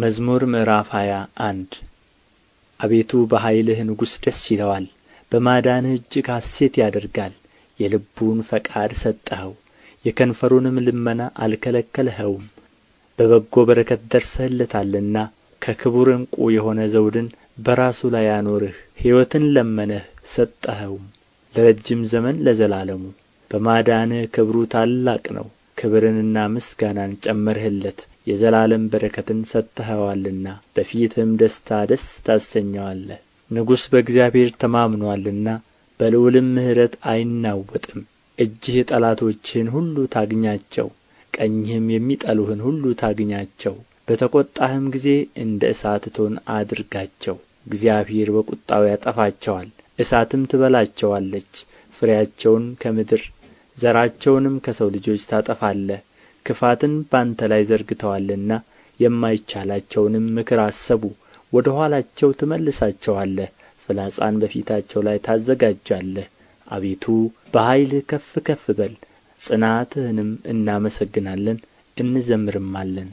መዝሙር ምዕራፍ ሃያ አንድ አቤቱ በኃይልህ ንጉሥ ደስ ይለዋል በማዳንህ እጅግ ሐሴት ያደርጋል የልቡን ፈቃድ ሰጠኸው የከንፈሩንም ልመና አልከለከልኸውም በበጎ በረከት ደርሰህለታልና ከክቡር ዕንቁ የሆነ ዘውድን በራሱ ላይ አኖርህ ሕይወትን ለመነህ ሰጠኸውም ለረጅም ዘመን ለዘላለሙ በማዳንህ ክብሩ ታላቅ ነው ክብርንና ምስጋናን ጨመርህለት የዘላለም በረከትን ሰጥተኸዋልና በፊትህም ደስታ ደስ ታሰኘዋለህ ንጉሥ በእግዚአብሔር ተማምኖአልና በልዑልም ምሕረት አይናወጥም እጅህ ጠላቶችህን ሁሉ ታግኛቸው ቀኝህም የሚጠሉህን ሁሉ ታግኛቸው በተቈጣህም ጊዜ እንደ እሳት እቶን አድርጋቸው እግዚአብሔር በቍጣው ያጠፋቸዋል እሳትም ትበላቸዋለች ፍሬያቸውን ከምድር ዘራቸውንም ከሰው ልጆች ታጠፋለህ ክፋትን በአንተ ላይ ዘርግተዋልና የማይቻላቸውንም ምክር አሰቡ ወደ ኋላቸው ትመልሳቸዋለህ ፍላጻን በፊታቸው ላይ ታዘጋጃለህ አቤቱ በኃይልህ ከፍ ከፍ በል ጽናትህንም እናመሰግናለን እንዘምርማለን